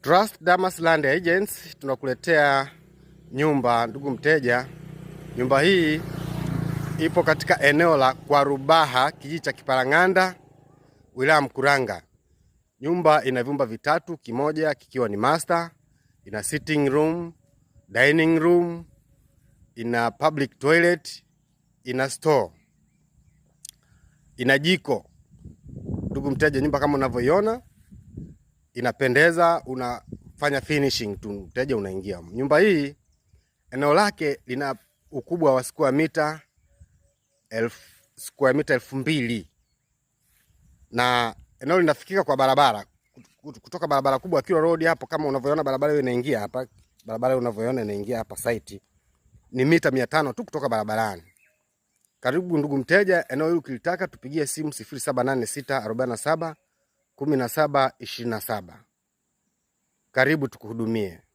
Trust Damas Land Agents tunakuletea nyumba, ndugu mteja. Nyumba hii ipo katika eneo la Kwarubaha, kijiji cha Kiparang'anda, wilaya Mkuranga. Nyumba ina vyumba vitatu, kimoja kikiwa ni master, ina sitting room, dining room, ina public toilet, ina store, ina jiko. Ndugu mteja, nyumba kama unavyoiona inapendeza, unafanya finishing tu, mteja unaingia. Nyumba hii eneo lake lina ukubwa wa square mita elfu square mita elfu mbili na eneo linafikika kwa barabara kutoka barabara kubwa Kilwa Road hapo, kama unavyoona barabara hiyo inaingia hapa, barabara hiyo unavyoona inaingia hapa site ni mita mia tano tu kutoka barabarani. Karibu ndugu mteja, eneo hili ukilitaka tupigie simu 078647 saba Karibu tukuhudumie.